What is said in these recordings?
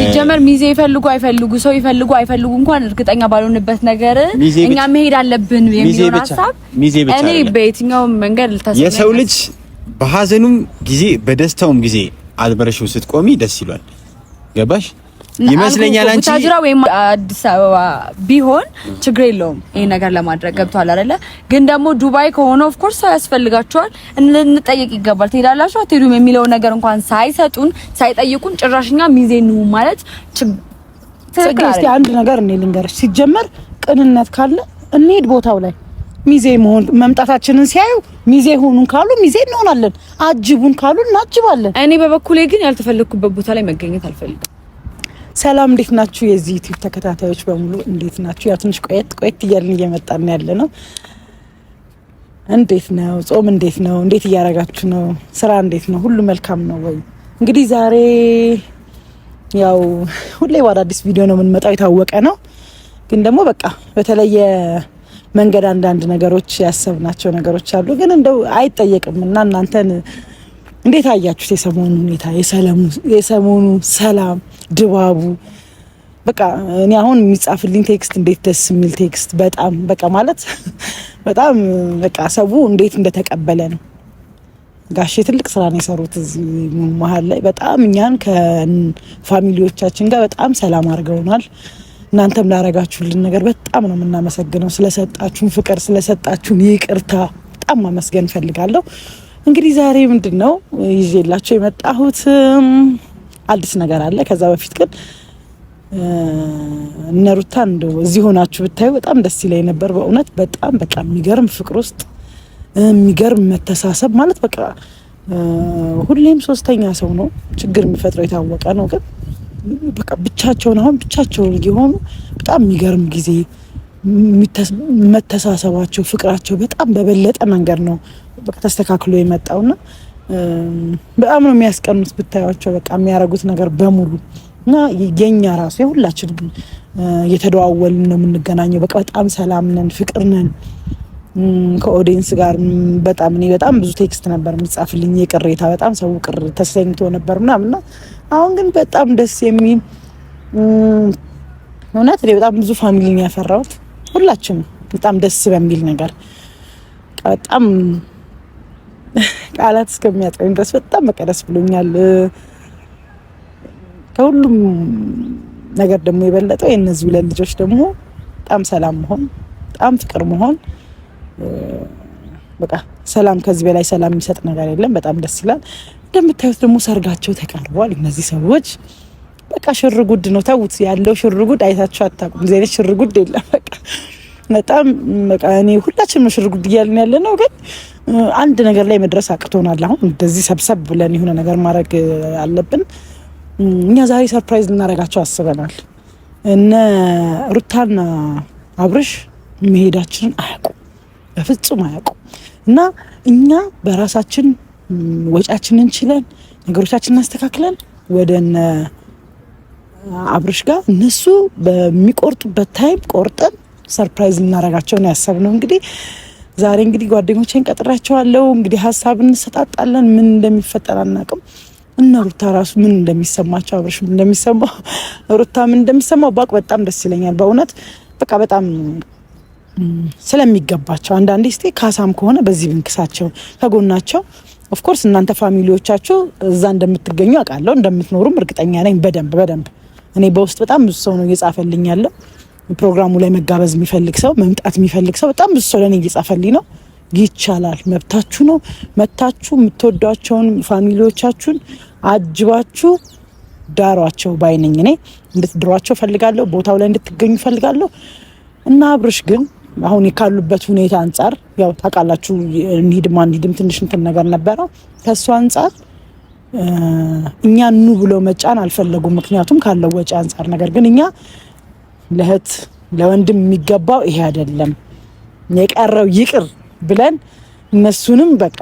ሲጀመር ሚዜ ይፈልጉ አይፈልጉ ሰው ይፈልጉ አይፈልጉ እንኳን እርግጠኛ ባልሆንበት ነገር እኛ መሄድ አለብን የሚሆን ሀሳብ እኔ በየትኛውም መንገድ ልታስብ የሰው ልጅ በሀዘኑም ጊዜ በደስታውም ጊዜ አልበረሽም ስትቆሚ ደስ ይሏል። ገባሽ? ይመስለኛል። አንቺ ታጅራ ወይም አዲስ አበባ ቢሆን ችግር የለውም ይሄ ነገር ለማድረግ ገብቷል አይደለ? ግን ደግሞ ዱባይ ከሆነ ኦፍ ኮርስ ሰው ያስፈልጋቸዋል፣ እንጠየቅ ይገባል። ትሄዳላችሁ አትሄዱም የሚለው ነገር እንኳን ሳይሰጡን ሳይጠይቁን ጭራሽኛ ሚዜኑ ማለት ችግር። አንድ ነገር እኔ ልንገርሽ፣ ሲጀመር ቅንነት ካለ እንሄድ ቦታው ላይ ሚዜ መሆን መምጣታችንን ሲያዩ ሚዜ ሆኑን ካሉ ሚዜ እንሆናለን፣ አጅቡን ካሉ እናጅባለን። እኔ በበኩሌ ግን ያልተፈለግኩበት ቦታ ላይ መገኘት አልፈልግም። ሰላም እንዴት ናችሁ? የዚህ ዩቲዩብ ተከታታዮች በሙሉ እንዴት ናችሁ? ያው ትንሽ ቆየት ቆየት እያልን እየመጣን ያለ ነው። እንዴት ነው ጾም? እንዴት ነው? እንዴት እያረጋችሁ ነው? ስራ እንዴት ነው? ሁሉ መልካም ነው ወይ? እንግዲህ ዛሬ ያው ሁሌ በአዳዲስ ቪዲዮ ነው የምንመጣው የታወቀ ነው። ግን ደግሞ በቃ በተለየ መንገድ አንዳንድ ነገሮች ያሰብናቸው ነገሮች አሉ። ግን እንደው አይጠየቅም እና እናንተን እንዴት አያችሁት? የሰሞኑ ሁኔታ የሰለሙ የሰሞኑ ሰላም ድባቡ በቃ እኔ አሁን የሚጻፍልኝ ቴክስት እንዴት ደስ የሚል ቴክስት በጣም በቃ ማለት በጣም በቃ ሰው እንዴት እንደተቀበለ ነው። ጋሼ ትልቅ ስራ ነው የሰሩት እዚህ መሀል ላይ በጣም እኛን ከፋሚሊዎቻችን ጋር በጣም ሰላም አድርገውናል። እናንተም ላረጋችሁልን ነገር በጣም ነው የምናመሰግነው። ስለሰጣችሁን ፍቅር፣ ስለሰጣችሁን ይቅርታ በጣም ማመስገን እፈልጋለሁ። እንግዲህ ዛሬ ምንድን ነው ይዤላቸው የመጣሁት? አዲስ ነገር አለ። ከዛ በፊት ግን እነ ሩታ እንደው እዚህ ሆናችሁ ብታዩ በጣም ደስ ይለኝ ነበር። በእውነት በጣም በቃ የሚገርም ፍቅር ውስጥ የሚገርም መተሳሰብ ማለት በቃ ሁሌም ሶስተኛ ሰው ነው ችግር የሚፈጥረው የታወቀ ነው። ግን በቃ ብቻቸውን አሁን ብቻቸውን እየሆኑ በጣም የሚገርም ጊዜ መተሳሰባቸው፣ ፍቅራቸው በጣም በበለጠ መንገድ ነው በቃ ተስተካክሎ የመጣውና በጣም ነው የሚያስቀኑት ብታያቸው፣ በቃ የሚያረጉት ነገር በሙሉ እና የኛ ራሱ የሁላችንም እየተደዋወልን ነው የምንገናኘው። በቃ በጣም ሰላም ነን፣ ፍቅር ነን ከኦዲየንስ ጋር በጣም እኔ በጣም ብዙ ቴክስት ነበር የምጻፍልኝ የቅሬታ በጣም ሰው ቅር ተሰኝቶ ነበር ምናምን አሁን ግን በጣም ደስ የሚል እውነት እኔ በጣም ብዙ ፋሚሊ ያፈራሁት። ሁላችንም በጣም ደስ በሚል ነገር በጣም ቃላት እስከሚያጥረኝ ድረስ በጣም በቃ ደስ ብሎኛል። ከሁሉም ነገር ደግሞ የበለጠው የእነዚህ ሁለት ልጆች ደግሞ በጣም ሰላም መሆን፣ በጣም ፍቅር መሆን በቃ ሰላም ከዚህ በላይ ሰላም የሚሰጥ ነገር የለም። በጣም ደስ ይላል። እንደምታዩት ደግሞ ሰርጋቸው ተቃርቧል። እነዚህ ሰዎች በቃ ሽርጉድ ነው ተውት ያለው ሽርጉድ አይታችሁ አታውቁም። እዚህ አይነት ሽርጉድ የለም በቃ በጣም በቃ እኔ ሁላችን መሽር ጉድ እያልን ያለ ነው፣ ግን አንድ ነገር ላይ መድረስ አቅቶናል። አሁን እንደዚህ ሰብሰብ ብለን የሆነ ነገር ማድረግ አለብን። እኛ ዛሬ ሰርፕራይዝ ልናደርጋቸው አስበናል። እነ ሩታና አብርሽ መሄዳችንን አያቁ በፍጹም አያቁ እና እኛ በራሳችን ወጪያችንን ችለን ነገሮቻችንን አስተካክለን ወደ እነ አብርሽ ጋር እነሱ በሚቆርጡበት ታይም ቆርጠን ሰርፕራይዝ ልናረጋቸው ነው ያሰብነው። እንግዲህ ዛሬ እንግዲህ ጓደኞቼን ቀጥራቸዋለሁ። እንግዲህ ሀሳብ እንሰጣጣለን። ምን እንደሚፈጠር አናውቅም። እና ሩታ ራሱ ምን እንደሚሰማቸው አብረሽ ምን እንደሚሰማው ሩታ ምን እንደሚሰማው ባቅ በጣም ደስ ይለኛል። በእውነት በቃ በጣም ስለሚገባቸው አንዳንዴ ስቴ ካሳም ከሆነ በዚህ ብንክሳቸው ከጎናቸው ኦፍኮርስ እናንተ ፋሚሊዎቻችሁ እዛ እንደምትገኙ አውቃለሁ እንደምትኖሩም እርግጠኛ ነኝ። በደንብ በደንብ እኔ በውስጥ በጣም ብዙ ሰው ነው እየጻፈልኝ ያለው ፕሮግራሙ ላይ መጋበዝ የሚፈልግ ሰው መምጣት የሚፈልግ ሰው በጣም ብዙ ሰው ለእኔ እየጻፈልኝ ነው። ይቻላል፣ መብታችሁ ነው። መታችሁ የምትወዷቸውን ፋሚሊዎቻችሁን አጅባችሁ ዳሯቸው ባይነኝ እኔ እንድትድሯቸው ፈልጋለሁ። ቦታው ላይ እንድትገኙ ፈልጋለሁ እና አብርሽ ግን አሁን ካሉበት ሁኔታ አንጻር ያው ታውቃላችሁ፣ እንሂድማ እንሂድም ትንሽ እንትን ነገር ነበረው ከእሱ አንጻር እኛ ኑ ብሎ መጫን አልፈለጉም። ምክንያቱም ካለው ወጪ አንጻር ነገር ግን እኛ ለእህት ለወንድም የሚገባው ይሄ አይደለም፣ የቀረው ይቅር ብለን እነሱንም በቃ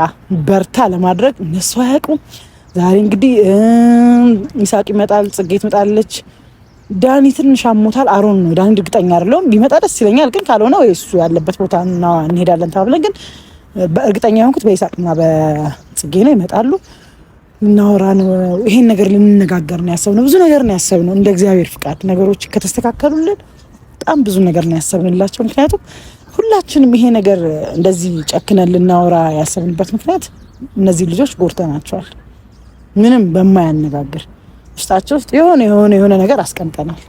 በርታ ለማድረግ እነሱ አያውቁም። ዛሬ እንግዲህ ይሳቅ ይመጣል፣ ጽጌ ትመጣለች፣ ዳኒ ትንሽ አሞታል። አሮን ነው ዳኒ እርግጠኛ አይደለሁም። ቢመጣ ደስ ይለኛል፣ ግን ካልሆነ ወይ እሱ ያለበት ቦታ እንሄዳለን ተባብለን፣ ግን በእርግጠኛ የሆንኩት በይሳቅና በጽጌ ነው። ይመጣሉ እናወራ ነው። ይሄን ነገር ልንነጋገር ነው ያሰብነው። ብዙ ነገር ነው ያሰብነው። እንደ እግዚአብሔር ፍቃድ ነገሮች ከተስተካከሉልን በጣም ብዙ ነገር ነው ያሰብንላቸው። ምክንያቱም ሁላችንም ይሄ ነገር እንደዚህ ጨክነን ልናወራ ያሰብንበት ምክንያት እነዚህ ልጆች ጎርተናቸዋል። ምንም በማያነጋግር ውስጣቸው ውስጥ የሆነ የሆነ የሆነ ነገር አስቀምጠናል።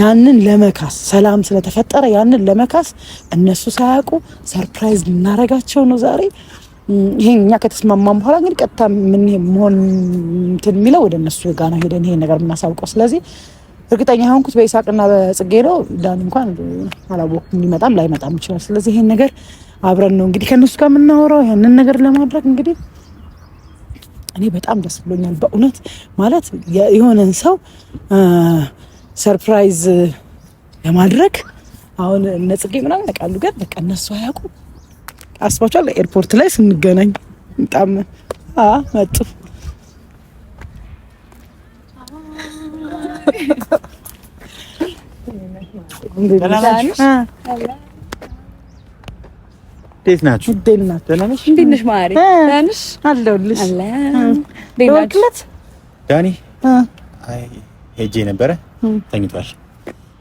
ያንን ለመካስ ሰላም ስለተፈጠረ ያንን ለመካስ እነሱ ሳያውቁ ሰርፕራይዝ ልናረጋቸው ነው ዛሬ ይሄ እኛ ከተስማማን በኋላ እንግዲህ ቀጥታ ምን መሆን እንትን የሚለው ወደ እነሱ ጋ ነው ሄደን ይሄ ነገር የምናሳውቀው። ስለዚህ እርግጠኛ የሆንኩት በይሳቅና በጽጌ ነው። ዳን እንኳን አላወኩም፣ ሊመጣም ላይመጣም ይችላል። ስለዚህ ይህን ነገር አብረን ነው እንግዲህ ከእነሱ ጋር የምናወራው ያንን ነገር ለማድረግ እንግዲህ እኔ በጣም ደስ ብሎኛል በእውነት ማለት የሆነን ሰው ሰርፕራይዝ ለማድረግ አሁን እነ ጽጌ ምናምን ያውቃሉ፣ ግን በቃ እነሱ አያውቁም። አስባችኋል? ኤርፖርት ላይ ስንገናኝ በጣም አ መጡ ዳኒ ሄጄ ነበረ ተኝቷል፣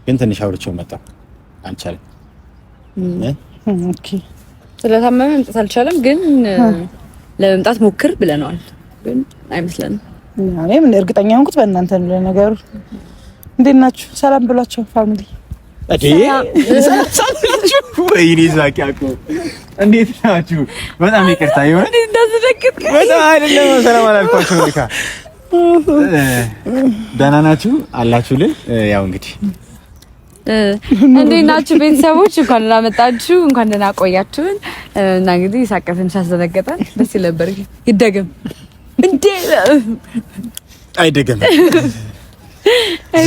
ግን ትንሽ አውርቼው መጣሁ። አልቻለም። ኦኬ ስለታመመ መምጣት አልቻለም፣ ግን ለመምጣት ሞክር ብለነዋል። ግን አይመስለንም። እኔም እርግጠኛ ሆንኩት በእናንተ ለነገሩ። እንዴት ናችሁ? ሰላም ብሏቸው ፋሚሊ ወይኔ ዛኪ አቆ እንዴት ናችሁ? በጣም ይቅርታ ይሆን በጣም አይደለም፣ ሰላም አላልኳችሁ። ደህና ናችሁ አላችሁልን? ያው እንግዲህ እንዴት ናችሁ ቤተሰቦች? እንኳን ደህና መጣችሁ፣ እንኳን ደህና ቆያችሁን። እና እንግዲህ ይሳቅ ትንሽ አስደነገጠን። ደስ ይል ነበር። ይደገም እንዴ? አይደገም።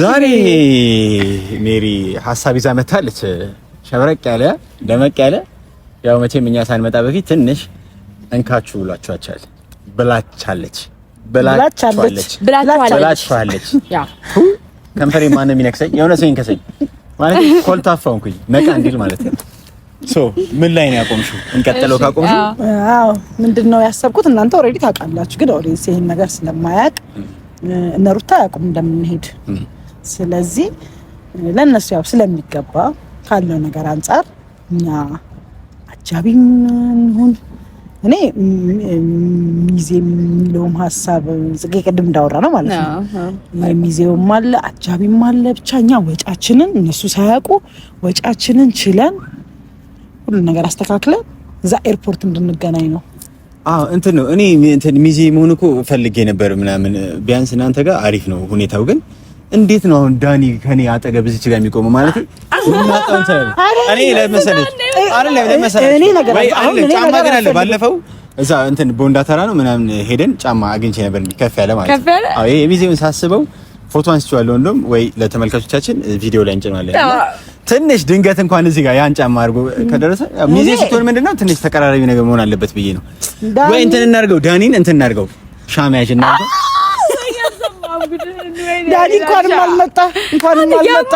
ዛሬ ሜሪ ሀሳብ ይዛ መታለች። ሸብረቅ ያለ ደመቅ ያለ ያው መቼም እኛ ሳንመጣ በፊት ትንሽ እንካችሁ ብሏችኋል ብላቻለች ብላቻለች ብላቻለች። ያው ከንፈሬ ማን ነው የሚነክሰኝ? የሆነ ሰው ይንከሰኝ። ማለት ኮልታፋ ሆንኩኝ ነቃ እንዲል ማለት ነው። ሶ ምን ላይ ነው ያቆምሽው? እንቀጥለው ካቆምሽው። አዎ ምንድነው ያሰብኩት፣ እናንተ ኦልሬዲ ታውቃላችሁ፣ ግን ኦዲየንስ ይሄን ነገር ስለማያውቅ እነ ሩታ አያውቁም እንደምንሄድ። ስለዚህ ለእነሱ ያው ስለሚገባ ካለው ነገር አንጻር እኛ አጃቢም እንሁን እኔ ሚዜ የሚለውም ሀሳብ ጽጌ ቅድም እንዳወራ ነው ማለት ነው። ሚዜውም አለ አጃቢም አለ። ብቻ እኛ ወጫችንን እነሱ ሳያውቁ ወጫችንን ችለን ሁሉን ነገር አስተካክለን እዛ ኤርፖርት እንድንገናኝ ነው። አዎ እንትን ነው እኔ ሚዜ መሆን እኮ ፈልጌ ነበር ምናምን ቢያንስ እናንተ ጋር አሪፍ ነው ሁኔታው ግን እንዴት ነው አሁን ዳኒ ከኔ አጠገብ እዚች ጋር የሚቆመው? ማለት እኔ ባለፈው እዛ እንትን ቦንዳ ተራ ነው ምናምን ሄደን ጫማ አግኝቼ ነበር ከፍ ያለ ማለት ነው። አዎ የቪዜውን ሳስበው ፎቶ አንስቼዋለሁ። እንደውም ወይ ለተመልካቾቻችን ቪዲዮ ላይ እንጭናለን። ትንሽ ድንገት እንኳን እዚህ ጋር ያን ጫማ አድርጎ ከደረሰ ሚዜ ስትሆን ምንድነው ትንሽ ተቀራራቢ ነገር መሆን አለበት ብዬ ነው። ወይ እንትን እናድርገው ዳኒን እንትን እናድርገው ሻማያጅ እናድርገው ዳኒ እንኳን አልመጣ እንኳን አልመጣ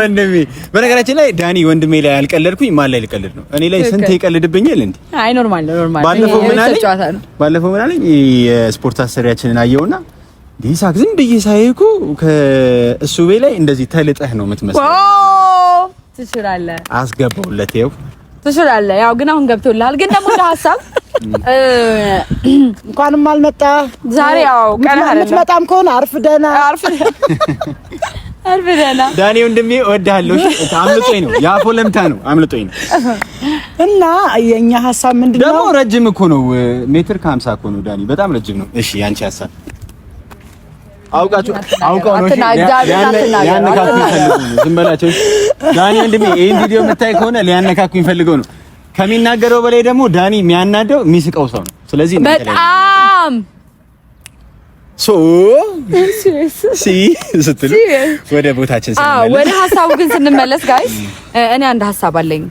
ወንድሜ በነገራችን ላይ ዳኒ ወንድሜ ላይ ያልቀለድኩኝ ማን ላይ ልቀልድ ነው? እኔ ላይ ስንት ይቀልድብኛል እንዴ? አይ ኖርማል ኖርማል። ባለፈው ምን አለኝ? ባለፈው ምን አለኝ? የስፖርት አሰሪያችንን አየውና ዲሳክ ዝም ብዬ ሳይኩ ከእሱ ቤ ላይ እንደዚህ ተልጠህ ነው የምትመስለው። ትችላለህ። አስገባውለት ይኸው ትችላለህ። ያው ግን አሁን ገብቶልሃል። ግን ደግሞ እንደ እንኳንም አልመጣ ዛሬ። ያው ቀና አለ። የምትመጣም ከሆነ አርፍ ደህና አርፍ አርፍ ደህና ዳኔ ወንድሜ እወድሃለሁ። አምልጦኝ ነው ያፎ ለምታ ነው አምልጦኝ ነው። እና የኛ ሀሳብ ምንድነው? ነው ደግሞ ረጅም እኮ ነው፣ ሜትር ከ50 እኮ ነው ዳኒ፣ በጣም ረጅም ነው። እሺ ያንቺ ሀሳብ አውቃችሁ አውቃው ነው። እሺ ሊያነካኩኝ ፈልገው ነው። ዝም በላቸው ዳኒ ወንድሜ። ይሄን ቪዲዮ የምታይ ከሆነ ሊያነካኩኝ ፈልገው ነው ከሚናገረው በላይ ደግሞ ዳኒ የሚያናደው የሚስቀው ሰው ነው። ስለዚህ በጣም ሶ ሲ ስትሉ ወደ ቦታችን ስንመለስ ወደ ሀሳቡ ግን ስንመለስ ጋይስ እኔ አንድ ሀሳብ አለኝ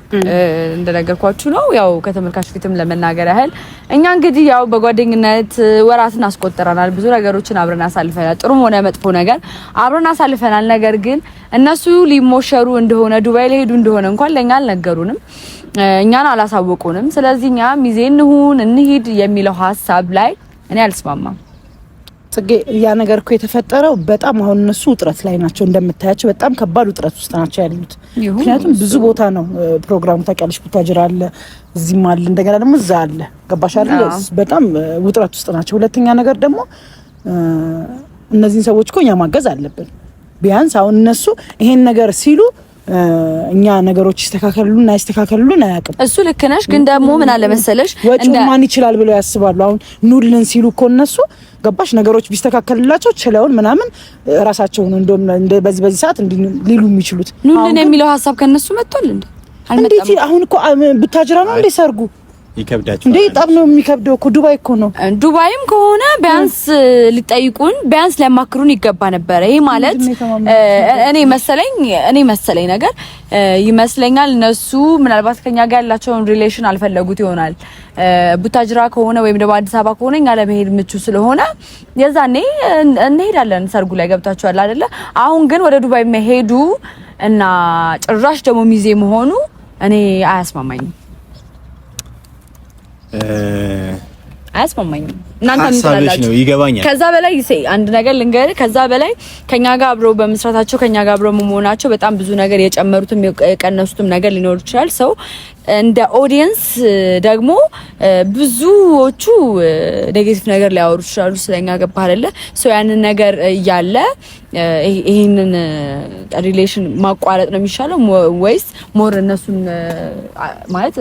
እንደነገርኳችሁ ነው። ያው ከተመልካች ፊትም ለመናገር ያህል እኛ እንግዲህ ያው በጓደኝነት ወራትን አስቆጥረናል። ብዙ ነገሮችን አብረን አሳልፈናል። ጥሩም ሆነ መጥፎ ነገር አብረን አሳልፈናል። ነገር ግን እነሱ ሊሞሸሩ እንደሆነ ዱባይ ሊሄዱ እንደሆነ እንኳን ለእኛ አልነገሩንም። እኛን አላሳወቁንም። ስለዚህ እኛ ሚዜ እንሁን እንሂድ የሚለው ሀሳብ ላይ እኔ አልስማማም። ጽጌ ያ ነገር እኮ የተፈጠረው በጣም አሁን እነሱ ውጥረት ላይ ናቸው እንደምታያቸው፣ በጣም ከባድ ውጥረት ውስጥ ናቸው ያሉት። ምክንያቱም ብዙ ቦታ ነው ፕሮግራሙ ታውቂያለሽ፣ ቡታጅራ አለ፣ እዚህም አለ፣ እንደገና ደግሞ እዛ አለ። ገባሽ አይደል? በጣም ውጥረት ውስጥ ናቸው። ሁለተኛ ነገር ደግሞ እነዚህን ሰዎች እኮ እኛ ማገዝ አለብን። ቢያንስ አሁን እነሱ ይሄን ነገር ሲሉ እኛ ነገሮች ይስተካከሉልን አይስተካከሉልን አያውቅም። እሱ ልክ ነሽ። ግን ደግሞ ምን አለ መሰለሽ ወጪው ማን ይችላል ብለው ያስባሉ። አሁን ኑልን ሲሉ እኮ እነሱ ገባሽ ነገሮች ቢስተካከልላቸው ችለውን ምናምን ራሳቸው ነው እንደውም በዚህ በዚህ ሰዓት ሊሉ የሚችሉት ኑልን የሚለው ሀሳብ ከነሱ መጥቷል። እንዴ አሁን እኮ ብታጅራ ነው እንዴ ሰርጉ ይከብዳችሁ እንዴ? በጣም ነው የሚከብደው እኮ ዱባይ እኮ ነው። ዱባይም ከሆነ ቢያንስ ሊጠይቁን ቢያንስ ሊያማክሩን ይገባ ነበረ። ይሄ ማለት እኔ መሰለኝ እኔ መሰለኝ ነገር ይመስለኛል። እነሱ ምናልባት ከኛ ጋር ያላቸውን ሪሌሽን አልፈለጉት ይሆናል። ቡታጅራ ከሆነ ወይም ደግሞ አዲስ አበባ ከሆነ እኛ ለመሄድ ምቹ ስለሆነ የዛኔ እንሄዳለን። ሰርጉ ላይ ገብታችኋል አይደለ? አሁን ግን ወደ ዱባይ መሄዱ እና ጭራሽ ደግሞ ሚዜ መሆኑ እኔ አያስማማኝም። 呃。አያስማማኝም። እናንተ ነው ይገባኛል። ከዛ በላይ አንድ ነገር ልንገር፣ ከዛ በላይ ከኛ ጋር አብረው በመስራታቸው ከኛ ጋር አብረው መሆናቸው በጣም ብዙ ነገር የጨመሩትም የቀነሱትም ነገር ሊኖር ይችላል። ሰው እንደ ኦዲየንስ ደግሞ ብዙዎቹ ኔጌቲቭ ነገር ሊያወሩ ይችላሉ። ስለኛ ገባ አይደለ? ሰው ያንን ነገር እያለ ይህንን ሪሌሽን ማቋረጥ ነው የሚሻለው ወይስ ሞር እነሱን ማለት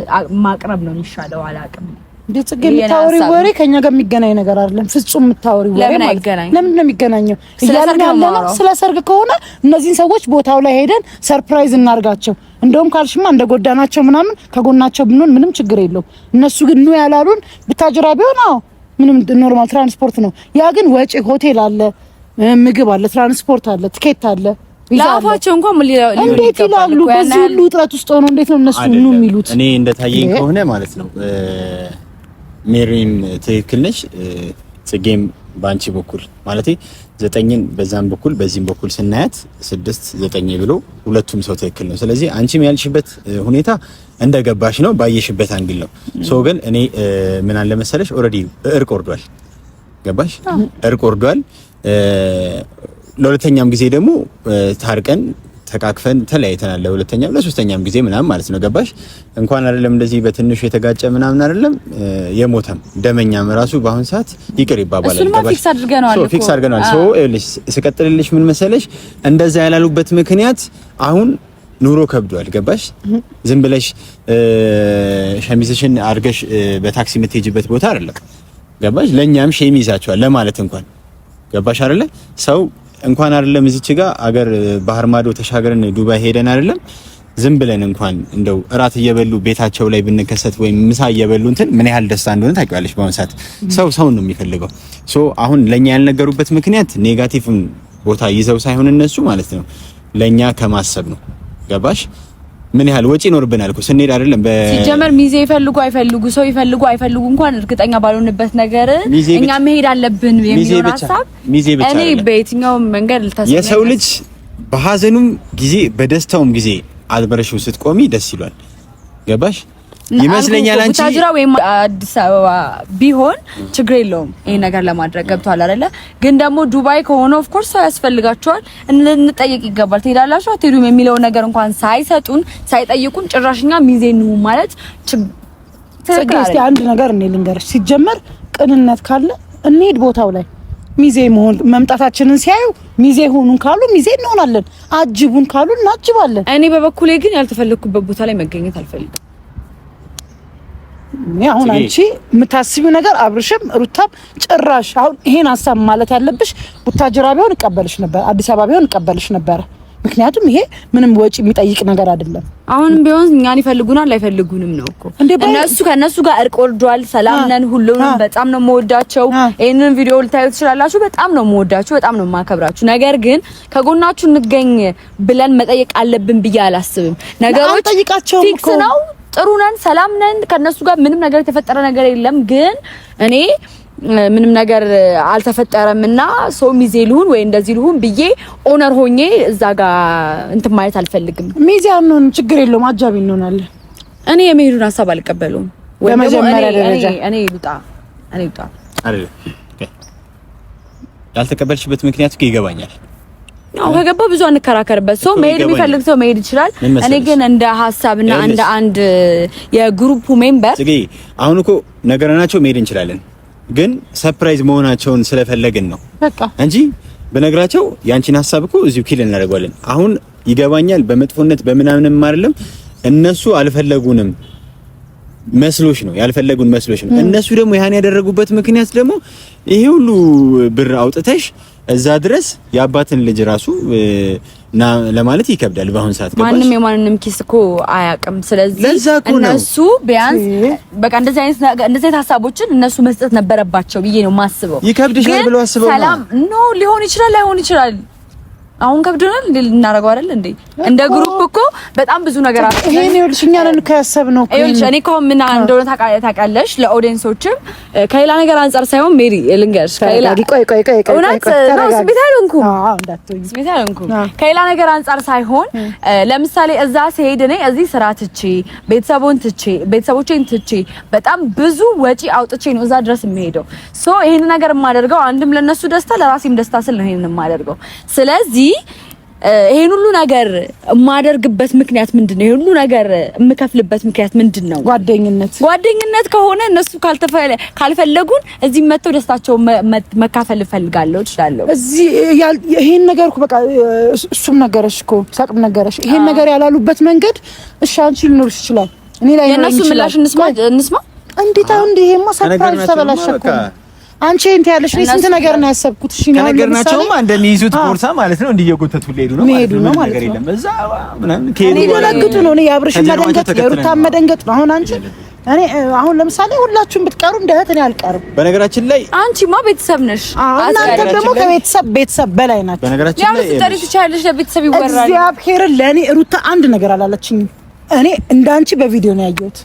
ማቅረብ ነው የሚሻለው? አላቅም እንደ ጽጌ የምታወሪ ወሬ ከኛ ጋር የሚገናኝ ነገር አይደለም። ፍጹም የምታወሪ ወሬ ማለት አይገናኝ? ለምን ነው የሚገናኘው? እያልን ያለነው ስለ ሰርግ ከሆነ እነዚህን ሰዎች ቦታው ላይ ሄደን ሰርፕራይዝ እናርጋቸው። እንደውም ካልሽማ እንደ ጎዳናቸው ምናምን ከጎናቸው ብንሆን ምንም ችግር የለውም። እነሱ ግን ኑ ያላሉን ብታጅራ ቢሆን አዎ፣ ምንም ኖርማል ትራንስፖርት ነው ያ። ግን ወጪ ሆቴል አለ፣ ምግብ አለ፣ ትራንስፖርት አለ፣ ትኬት አለ ለአፋቸው እንኳን ምን ሊሉ እንዴት ይላሉ? በዚህ ሁሉ ውጥረት ውስጥ ሆነው እንዴት ነው እነሱ ኑ የሚሉት? እኔ እንደታየኝ ከሆነ ማለት ነው ሜሪም ትክክል ነች። ጽጌም በአንቺ በኩል ማለት ዘጠኝን በዛም በኩል በዚህም በኩል ስናያት ስድስት ዘጠኝ ብሎ ሁለቱም ሰው ትክክል ነው። ስለዚህ አንቺም ያልሽበት ሁኔታ እንደገባሽ ነው ባየሽበት አንግል ነው። ሰው ግን እኔ ምን አለ መሰለሽ ኦልሬዲ እርቅ ወርዷል። ገባሽ? እርቅ ወርዷል። ለሁለተኛም ጊዜ ደግሞ ታርቀን ተቃቅፈን ተለያይተናል። ለሁለተኛም ለሶስተኛም ጊዜ ምናምን ማለት ነው። ገባሽ? እንኳን አይደለም እንደዚህ በትንሹ የተጋጨ ምናምን አይደለም የሞተም ደመኛም ራሱ በአሁን ሰዓት ይቅር ይባባላል። ፊክስ አድርገናል። ፊክስ አድርገናል። ስቀጥልልሽ ምን መሰለሽ፣ እንደዛ ያላሉበት ምክንያት አሁን ኑሮ ከብዷል። ገባሽ? ዝም ብለሽ ሸሚዝሽን አድርገሽ በታክሲ የምትሄጅበት ቦታ አይደለም። ገባሽ? ለእኛም ሼም ለማለት እንኳን ገባሽ አይደለ ሰው እንኳን አይደለም እዚች ጋር አገር ባህር ማዶ ተሻገረን ዱባይ ሄደን አይደለም ዝም ብለን እንኳን እንደው እራት እየበሉ ቤታቸው ላይ ብንከሰት ወይም ምሳ እየበሉ እንትን ምን ያህል ደስታ እንደሆነ ታውቂዋለሽ። በአሁኑ ሰዓት ሰው ሰው ነው የሚፈልገው። ሶ አሁን ለኛ ያልነገሩበት ምክንያት ኔጋቲቭ ቦታ ይዘው ሳይሆን እነሱ ማለት ነው ለኛ ከማሰብ ነው። ገባሽ? ምን ያህል ወጪ ይኖርብናል እኮ ስንሄድ አይደለም። ሲጀመር ሚዜ ይፈልጉ አይፈልጉ ሰው ይፈልጉ አይፈልጉ እንኳን እርግጠኛ ባልሆንበት ነገር እኛ መሄድ አለብን የሚሆን ሀሳብ እኔ በየትኛውም መንገድ ልታስብ የሰው ልጅ በሀዘኑም ጊዜ በደስታውም ጊዜ አልበረሽው ስትቆሚ ደስ ይሏል። ገባሽ? ይመስለኛል አንቺ ታጅራ ወይም አዲስ አበባ ቢሆን ችግር የለውም። ይሄ ነገር ለማድረግ ገብቷል አይደለ? ግን ደግሞ ዱባይ ከሆነ ኦፍ ኮርስ ሰው ያስፈልጋቸዋል፣ እንጠየቅ ይገባል። ትሄዳላችሁ አትሄዱም የሚለው ነገር እንኳን ሳይሰጡን ሳይጠይቁን ጭራሽኛ ሚዜ ነው ማለት ችግር። እስቲ አንድ ነገር እኔ ልንገርሽ፣ ሲጀመር ቅንነት ካለ እንሄድ ቦታው ላይ ሚዜ መሆን መምጣታችንን ሲያዩ ሚዜ ሆኑን ካሉ ሚዜ እንሆናለን፣ አጅቡን ካሉ እናጅባለን። እኔ በበኩሌ ግን ያልተፈለግኩበት ቦታ ላይ መገኘት አልፈልግም። አሁን አንቺ የምታስቢው ነገር አብርሽም ሩታም ጭራሽ አሁን ይሄን ሀሳብ ማለት ያለብሽ ቡታጅራ ቢሆን እቀበልሽ ነበር፣ አዲስ አበባ ቢሆን እቀበልሽ ነበር። ምክንያቱም ይሄ ምንም ወጪ የሚጠይቅ ነገር አይደለም። አሁንም ቢሆን እኛን ይፈልጉናል አይፈልጉንም ነው እኮ እነሱ ከነሱ ጋር እርቅ ወርዷል። ሰላም ነን። ሁሉንም በጣም ነው የምወዳቸው። ይሄንን ቪዲዮ ልታዩ ትችላላችሁ። በጣም ነው የምወዳቸው፣ በጣም ነው የማከብራችሁ። ነገር ግን ከጎናችሁ እንገኝ ብለን መጠየቅ አለብን ብዬ አላስብም። ነገሮች ፊክስ ነው ጥሩ ነን፣ ሰላም ነን። ከነሱ ጋር ምንም ነገር የተፈጠረ ነገር የለም። ግን እኔ ምንም ነገር አልተፈጠረም እና ሰው ሚዜ ልሁን ወይ እንደዚህ ልሁን ብዬ ኦነር ሆኜ እዛ ጋር እንትን ማለት አልፈልግም። ሚዜ አንሆንም፣ ችግር የለውም። አጃቢ እንሆናለን። እኔ የመሄዱን ሀሳብ አልቀበለውም። በመጀመሪያ ደረጃ እኔ ልውጣ፣ እኔ ያልተቀበልሽበት ምክንያት ይገባኛል አሁን ከገባ ብዙ አንከራከርበት። ሰው መሄድ የሚፈልግ ሰው መሄድ ይችላል። እኔ ግን እንደ ሀሳብና እንደ አንድ የግሩፑ ሜምበር ጽጌ፣ አሁን እኮ ነገረናቸው መሄድ እንችላለን፣ ግን ሰርፕራይዝ መሆናቸውን ስለፈለግን ነው በቃ እንጂ በነገራቸው ያንቺን ሀሳብ እኮ እዚሁ ኪል እናደርገዋለን። አሁን ይገባኛል፣ በመጥፎነት በምናምንም አይደለም። እነሱ አልፈለጉንም መስሎሽ ነው ያልፈለጉን መስሎሽ ነው። እነሱ ደግሞ ያን ያደረጉበት ምክንያት ደግሞ ይሄ ሁሉ ብር አውጥተሽ እዛ ድረስ የአባትን ልጅ ራሱ ና ለማለት ይከብዳል። በአሁን ሰዓት ማንም የማንንም ኪስ እኮ አያውቅም። ስለዚህ እነሱ ቢያንስ በቃ እንደዚህ አይነት እንደዚህ አይነት ሀሳቦችን እነሱ መስጠት ነበረባቸው ብዬ ነው የማስበው። ይከብድሻል ብለው አስበው ሰላም ኖ ሊሆን ይችላል ላይሆን ይችላል አሁን ከብዶናል እንዴ? ልናረገው አይደል እንዴ? እንደ ግሩፕ እኮ በጣም ብዙ ነገር አለ። ይሄን ይኸውልሽ፣ እኛ ነን ከያሰብ ነው እኮ ይኸውልሽ። እኔ እኮ ምን እንደሆነ ታውቂያለሽ፣ ለኦዲየንሶችም ከሌላ ነገር አንጻር ሳይሆን ሜሪ ልንገርሽ፣ ከሌላ ቆይ ቆይ ቆይ ቆይ እውነት ነው። ስሜት አልሆንኩም። አዎ እንዳትሆኝ፣ ስሜት አልሆንኩም። ከሌላ ነገር አንጻር ሳይሆን ለምሳሌ እዛ ሲሄድ እኔ እዚህ ስራ ትቼ ቤተሰቦን ትቼ ቤተሰቦቼን ትቼ በጣም ብዙ ወጪ አውጥቼ ነው እዛ ድረስ የምሄደው። ሶ ይሄን ነገር የማደርገው አንድም ለነሱ ደስታ ለራሴም ደስታ ስል ነው ይሄን የማደርገው። ስለዚህ ይሄን ሁሉ ነገር የማደርግበት ምክንያት ምንድን ነው? ይሄን ሁሉ ነገር የምከፍልበት ምክንያት ምንድን ነው? ጓደኝነት ጓደኝነት ከሆነ እነሱ ካልፈለጉን እዚህ መጥተው ደስታቸው መካፈል እፈልጋለሁ እችላለሁ። እዚህ ይሄን ነገር እኮ በቃ እሱም ነገረሽ እኮ ሳቅም ነገረሽ። ይሄን ነገር ያላሉበት መንገድ እሺ፣ አንቺ ልኖርሽ ይችላል። እኔ ላይ የእነሱ ምላሽ እንስማ እንስማ። እንዴት አሁን ይሄማ ሰርፕራይዝ ተበላሸ እኮ አንቺ እንት ያለሽ ነው። ስንት ነገር ነው ያሰብኩት። እሺ ነው ነገር ናቸው ከነገርናቸው እንደሚይዙት ቦርሳ ማለት ነው እንዲየጎተቱ ሊሄዱ ነው ማለት ነው። ነገር የለም እዛ ምናምን ከሄዱ ለግቱ ነው ነው ያብርሽ መደንገጥ የሩታ መደንገጥ ነው። አሁን አንቺ እኔ አሁን ለምሳሌ ሁላችሁም ብትቀሩ እንደ እህት እኔ አልቀርም። በነገራችን ላይ አንቺማ ቤተሰብ ነሽ፣ እናንተ ደግሞ ከቤተሰብ ቤተሰብ በላይ ናችሁ። በነገራችን ላይ ያው ትጠሪ ትቻለሽ፣ ለቤተሰብ ይወራል። እግዚአብሔርን ለእኔ ሩታ አንድ ነገር አላለችኝም። እኔ እንዳንቺ በቪዲዮ ነው ያየሁት።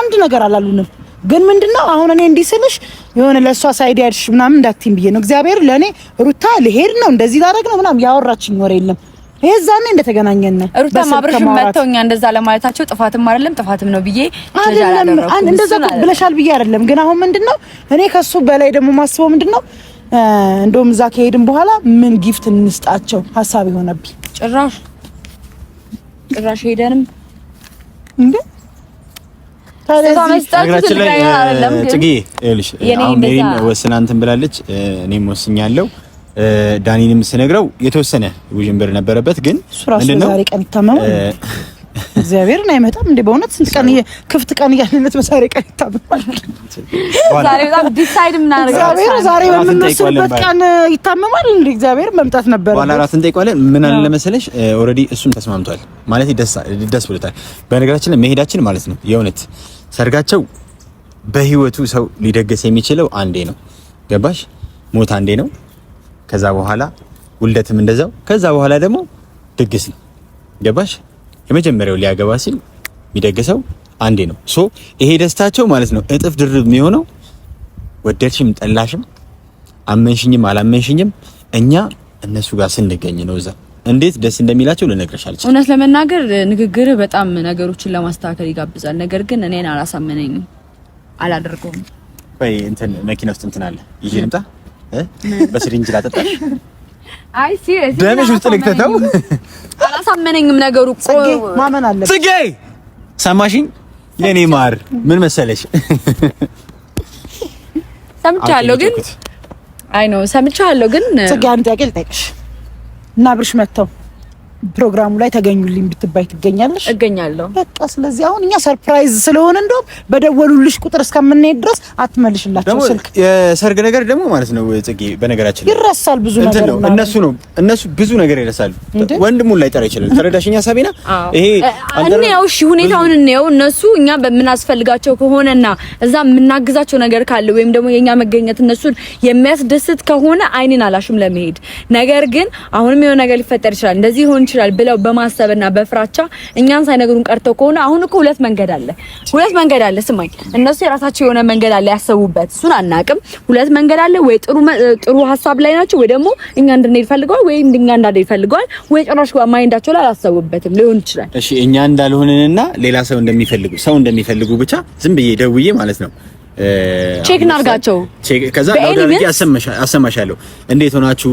አንድ ነገር አላሉንም። ግን ምንድነው አሁን እኔ እንዲህ ስልሽ የሆነ ለእሷ ያድሽ ምናምን እንዳትይም ብዬ ነው። እግዚአብሔር ለእኔ ሩታ ልሄድ ነው እንደዚህ ላደርግ ነው ምናምን ያወራችኝ ወሬ የለም። ይሄ ዛኔ እንደተገናኘን ነው ሩታ ማብረሽ መተውኛ እንደዛ ለማለታቸው ጥፋትም አይደለም ጥፋትም ነው ብዬ አይደለም አን እንደዛ ብለሻል ብዬ አይደለም። ግን አሁን ምንድነው እኔ ከሱ በላይ ደግሞ ማስበው ምንድነው እንደውም እዛ ከሄድን በኋላ ምን ጊፍት እንስጣቸው ሀሳብ የሆነብኝ ጭራሽ ጭራሽ ሄደንም እንዴ ነገራችን ላይ ጽጌ ይኸውልሽ ሜሪን ወስና እንትን ብላለች። እኔም ወስኛለሁ። ዳኒንም ስነግረው የተወሰነ ውዥንብር ነበረበት፣ ግን ዛሬ ምንድን ነው እግዚአብሔርን አይመጣም እንዴ? በእውነት ስንት ቀን ክፍት ቀን እያለነት መሳሪያ ቀን ይታመማል። ዛሬ በጣም ዲሳይድ ምናደርገው እግዚአብሔር ዛሬ በምንወስንበት ቀን ይታመማል እንዴ? እግዚአብሔር መምጣት ነበር። በኋላ እራት እንጠይቀዋለን። ምን አለ መሰለሽ፣ ኦልሬዲ እሱም ተስማምቷል ማለት ደስ ብሎታል። በነገራችን ላይ መሄዳችን ማለት ነው የእውነት ሰርጋቸው በህይወቱ ሰው ሊደገስ የሚችለው አንዴ ነው። ገባሽ? ሞት አንዴ ነው። ከዛ በኋላ ውልደትም እንደዛው። ከዛ በኋላ ደግሞ ድግስ ነው። ገባሽ? የመጀመሪያው ሊያገባ ሲል የሚደግሰው አንዴ ነው። ሶ ይሄ ደስታቸው ማለት ነው እጥፍ ድርብ የሚሆነው ወደድሽም ጠላሽም አመንሽኝም አላመንሽኝም እኛ እነሱ ጋር ስንገኝ ነው እዛ እንዴት ደስ እንደሚላቸው ልነግርሽ አልችልም። እውነት ለመናገር ንግግርህ በጣም ነገሮችን ለማስተካከል ይጋብዛል። ነገር ግን እኔን አላሳመነኝም፣ አላደርገውም። ወይ እንትን መኪና ውስጥ እንትን አለ ይዤ ልምጣ። በስሪንጅ ላጠጣሽ። አይ ሲሪየስ ደምሽ ውስጥ ልክተተው። አላሳመነኝም ነገሩ። ቆይ ማመን አለ ጽጌ። ሰማሽኝ የኔ ማር፣ ምን መሰለሽ ሰምቻለሁ፣ ግን አይ ነው ሰምቻለሁ፣ ግን ጽጌ አንድ ያቄል ልጠይቅሽ እና ብርሽ መጥተው ፕሮግራሙ ላይ ተገኙልኝ ብትባይ ትገኛለሽ? እገኛለሁ። በቃ ስለዚህ አሁን እኛ ሰርፕራይዝ ስለሆነ እንደውም በደወሉልሽ ቁጥር እስከምንሄድ ድረስ አትመልሽላቸው ስልክ። የሰርግ ነገር ደግሞ ማለት ነው ጽጌ፣ በነገራችን ይረሳል ብዙ ነገር ነው። እነሱ ነው እነሱ ብዙ ነገር ይረሳሉ። ወንድሙ ላይ ጠራ ይችላል። ተረዳሽኛ? ሳቢና ይሄ እኔ እሺ፣ ሁኔታውን እንየው። እነሱ እኛ በምናስፈልጋቸው ከሆነና እዛ የምናግዛቸው ነገር ካለ ወይም ደግሞ የኛ መገኘት እነሱን የሚያስደስት ከሆነ አይኔን አላሹም ለመሄድ ነገር ግን አሁንም የሆነ ነገር ሊፈጠር ይችላል እንደዚህ ሆን ይችላል ብለው በማሰብና በፍራቻ እኛን ሳይነግሩን ቀርተው ከሆነ አሁን እኮ ሁለት መንገድ አለ፣ ሁለት መንገድ አለ። ስማኝ፣ እነሱ የራሳቸው የሆነ መንገድ አለ ያሰቡበት፣ እሱን አናቅም። ሁለት መንገድ አለ። ወይ ጥሩ ጥሩ ሀሳብ ላይ ናቸው፣ ወይ ደግሞ እኛ እንድንሄድ ፈልገዋል፣ ወይ እኛ እንዳንሄድ ፈልገዋል፣ ወይ ጭራሽ ማይንዳቸው ላይ አላሰቡበትም ሊሆን ይችላል። እሺ፣ እኛ እንዳልሆንንና ሌላ ሰው እንደሚፈልጉ ሰው እንደሚፈልጉ ብቻ ዝም ብዬ ደውዬ ማለት ነው ቼክ እናርጋቸው። ከዛ ላውድ አሰማሻለሁ። እንዴት ሆናችሁ?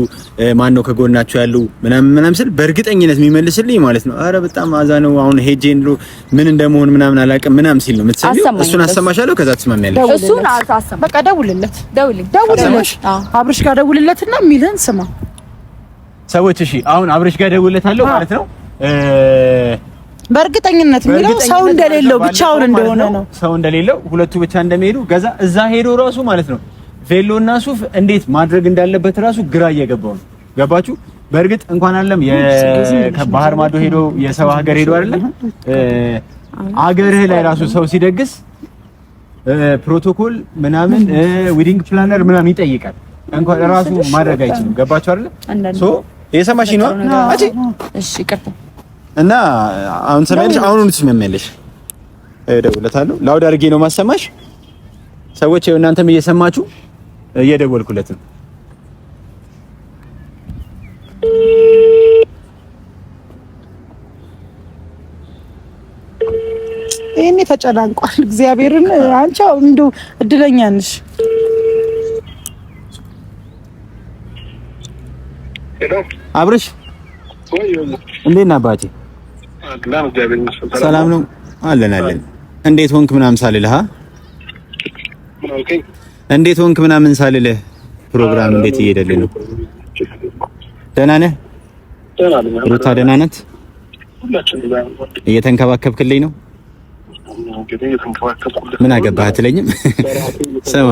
ማን ነው ከጎናችሁ ያሉ ምናምን ምናምን ስል በእርግጠኝነት የሚመልስልኝ ማለት ነው አረ በጣም አዛ ነው አሁን ሄጄ እንድሮ ምን እንደመሆን ምናምን አላውቅም ምናምን ሲል ነው የምትሰሚው። እሱን አሰማሻለሁ። ከዛ ትስማሚያለሽ። እሱን አሰማ በቃ ደውልለት፣ ደውልልኝ፣ ደውልልሽ አብርሽ ጋር ደውልለትና የሚልህን ስማ። ሰዎች እሺ፣ አሁን አብርሽ ጋር ደውልለታለሁ ማለት ነው በእርግጠኝነት የሚለው ሰው እንደሌለው ብቻውን እንደሆነ ነው። ሰው እንደሌለው ሁለቱ ብቻ እንደሚሄዱ ገዛ እዛ ሄዶ ራሱ ማለት ነው እና ሱፍ እንዴት ማድረግ እንዳለበት ራሱ ግራ እየገባው ነው። ገባችሁ? በእርግጥ እንኳን አለም ከባህር ማዶ ሄዶ የሰው ሀገር ሄዶ አይደለ አገርህ ላይ ራሱ ሰው ሲደግስ ፕሮቶኮል ምናምን ዊዲንግ ፕላነር ምናምን ይጠይቃል። እንኳን ራሱ ማድረግ አይችልም። ገባችሁ አይደለ? ሶ የሰማሽ ነው። እሺ፣ ይቅርታ እና አሁን ትሰሚያለሽ፣ አሁን ትስማሚያለሽ። እደውልለታለሁ። ላውድ አድርጌ ነው ማሰማሽ። ሰዎች ይኸው እናንተም እየሰማችሁ እየደወልኩለት ነው። ይሄኔ ተጨናንቋል። እግዚአብሔርን አንቺ እንደው እድለኛ ነሽ። አብርሽ እንዴት ነህ አባቴ? ሰላም ነው አለን አለን። እንዴት ሆንክ ምናምን ሳልልህ እንዴት ሆንክ ምናምን ሳልልህ ፕሮግራም እንዴት እየሄደልህ ነው? ደህና ነህ? ሩታ ደህና ናት? እየተንከባከብክልኝ ነው? ምን አገባህ አትለኝም? ስማ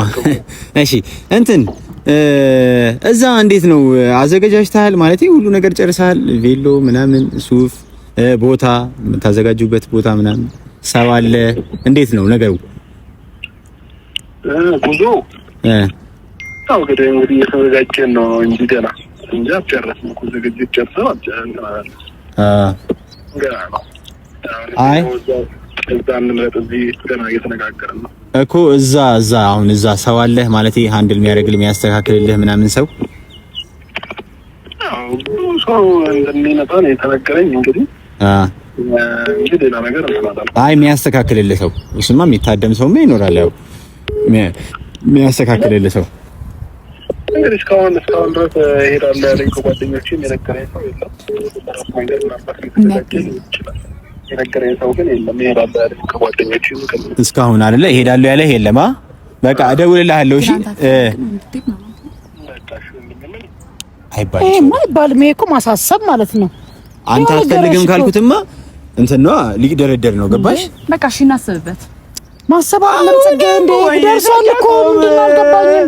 እሺ፣ እንትን እዛ እንዴት ነው አዘገጃጅተሃል? ማለት ሁሉ ነገር ጨርሰሃል? ቬሎ ምናምን ሱፍ ቦታ የምታዘጋጁበት ቦታ ምናምን ሰው አለ? እንዴት ነው ነገሩ? ጉዞ ያው እንግዲህ እንግዲህ የተዘጋጀን ነው እንጂ ገና እንጂ አልጨረስንም እኮ ዝግጅት ጨርሰን አልጨረስንም። አይ እዛ እንምረጥ እዚህ ገና እየተነጋገርን ነው እኮ እዛ እዛ አሁን እዛ ሰው አለህ ማለት ይሄ ሃንድል የሚያደርግልህ የሚያስተካክልልህ ምናምን ሰው ሰው እንደሚመጣ ነው የተነገረኝ እንግዲህ አይ የሚያስተካክልልህ ሰው እሱማ የሚታደም ሰው ይኖራል። ያው የሚያስተካክልልህ ሰው እንግዲህ እስካሁን እስካሁን ድረስ እሄዳለሁ ያለኝ ከጓደኞቼ የነገረኝ ሰው የለም። እስካሁን አይደለ? እሄዳለሁ ያለህ የለም። በቃ እደውልልሃለሁ። እሺ አይባልም። ይሄ እኮ ማሳሰብ ማለት ነው። አንተ አትፈልግም ካልኩትማ እንትን ነው ሊደረደር ነው። ገባሽ? በቃ እሺ፣ እናስብበት። ማሰብ አለም ጽጌ እንደ ደርሷል እኮ ምንድን ነው አልገባኝም።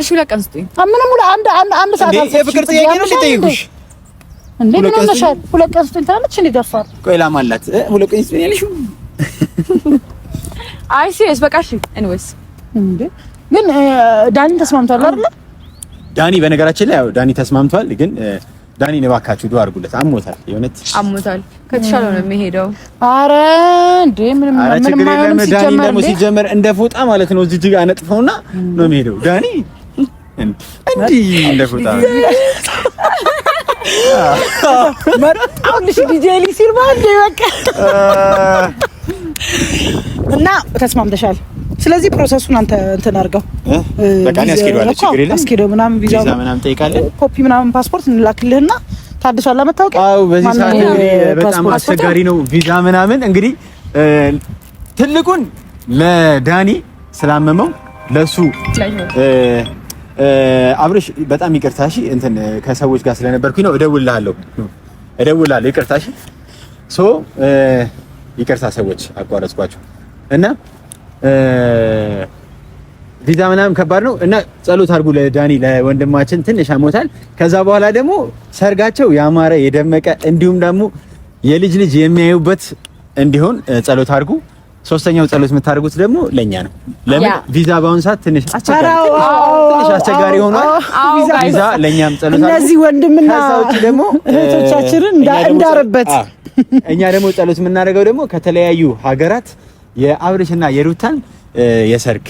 እሺ፣ ሁለት ቀን ስጡኝ። ምንም ሁለት አንድ አንድ አንድ ሰዓት አንተ የፍቅር ጥያቄ ነው ልጠይቅሽ እንዴ? ምን ሆነሻል? ሁለት ቀን ስጡኝ ትላለች። እንደ ደፋር ቆይ፣ ላም አላት። ሁለት ቀን ስጡኝ ያለሽው? አይ ሲሪየስ በቃ እሺ። ኤኒዌይስ እንዴ ግን ዳኒ ተስማምቷል አይደል? ዳኒ በነገራችን ላይ ያው ዳኒ ተስማምቷል ግን ዳኒ ነው እባካችሁ ዱአ አድርጉለት። አሞታል፣ የእውነት አሞታል። ከተሻለው ነው የሚሄደው። አረ እንዴ ምንም ምንም አይሆንም። ሲጀመር ሲጀመር እንደ ፎጣ ማለት ነው። እዚህ ጋር ነጥፈውና ነው የሚሄደው ዳኒ እንዲህ እንደ ፎጣ መጣሁልሽ ዲጄ ሊ ሲል ማለት በቃ እና ተስማምተሻል ስለዚህ ፕሮሰሱን አንተ እንትን አድርገው በቃ ችግር የለም አስኬዶ ምናምን ቪዛ ምናምን ጠይቃለን፣ ኮፒ ምናምን ፓስፖርት እንላክልህና ታድሷል ለመታወቂያ። አዎ፣ በዚህ ሰዓት እንግዲህ በጣም አስቸጋሪ ነው ቪዛ ምናምን። እንግዲህ ትልቁን ለዳኒ ስላመመው ለሱ አብረሽ በጣም ይቅርታ እሺ። እንትን ከሰዎች ጋር ስለነበርኩኝ ነው። እደውልልሃለሁ እደውልልሃለሁ። ይቅርታ እሺ። ሶ ይቅርታ ሰዎች አቋረጥኳቸው እና ቪዛ ምናምን ከባድ ነው እና ጸሎት አድርጉ ለዳኒ ለወንድማችን ትንሽ አሞታል። ከዛ በኋላ ደግሞ ሰርጋቸው ያማረ የደመቀ እንዲሁም ደግሞ የልጅ ልጅ የሚያዩበት እንዲሆን ጸሎት አድርጉ። ሶስተኛው ጸሎት የምታደርጉት ደግሞ ለኛ ነው። ለምን ቪዛ በአሁን ሰዓት ትንሽ አስቸጋሪ ሆኗል። ቪዛ ለኛም ጸሎት እነዚህ ወንድምና ደግሞ እህቶቻችንን እንዳረበት እኛ ደግሞ ጸሎት የምናደርገው ደግሞ ከተለያዩ ሀገራት የአብርሽና የሩታን የሰርግ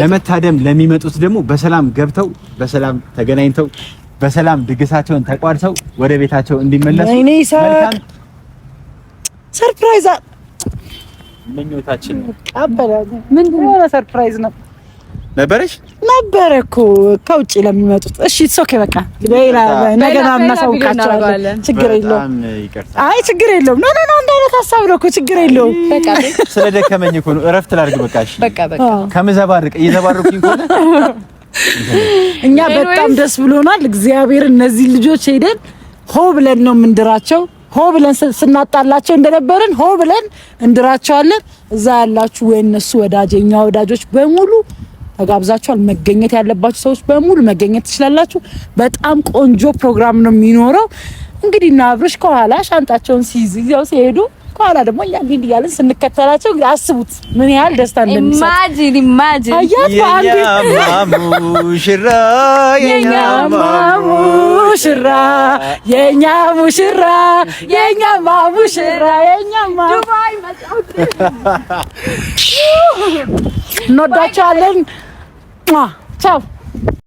ለመታደም ለሚመጡት ደግሞ በሰላም ገብተው በሰላም ተገናኝተው በሰላም ድግሳቸውን ተቋርሰው ወደ ቤታቸው እንዲመለሱ እኔ ሰርፕራይዝ ምኞታችን ነው። ምንድን ነው ሰርፕራይዝ ነው? ነበረሽ ነበረ እኮ ከውጭ ለሚመጡት። እሺ ሶኬ በቃ ሌላ ነገር እናሳውቃቸዋለን። ችግር የለውም። አይ ችግር የለውም። ኖ ኖ ኖ አንድ አይነት ሀሳብ ነው እኮ ችግር የለውም። በቃ ስለደከመኝ እኮ ነው። እረፍት ላድርግ በቃ። እሺ በቃ በቃ ከምዘባርቅ እየዘባርኩኝ እኮ እኛ በጣም ደስ ብሎናል። እግዚአብሔር እነዚህ ልጆች ሄደን ሆ ብለን ነው የምንድራቸው። ሆ ብለን ስናጣላቸው እንደነበርን ሆ ብለን እንድራቸዋለን። እዛ ያላችሁ ወይ እነሱ ወዳጅ የኛ ወዳጆች በሙሉ ተጋብዛችኋል። መገኘት ያለባችሁ ሰዎች በሙሉ መገኘት ትችላላችሁ። በጣም ቆንጆ ፕሮግራም ነው የሚኖረው። እንግዲህ እና አብርሽ ከኋላ ሻንጣቸውን ሲይዝ ይዘው ሲሄዱ ከኋላ ደግሞ እኛ እንዲህ እያልን ስንከተላቸው አስቡት ምን ያህል ደስታ እንደሚሰጥ። ኢማጂን ኢማጂን ሙሽራ የኛ ሙሽራ የኛ ሙሽራ የኛ ሙሽራ የኛ ዱባይ መጣው እንወዳቸዋለን። 哇，走！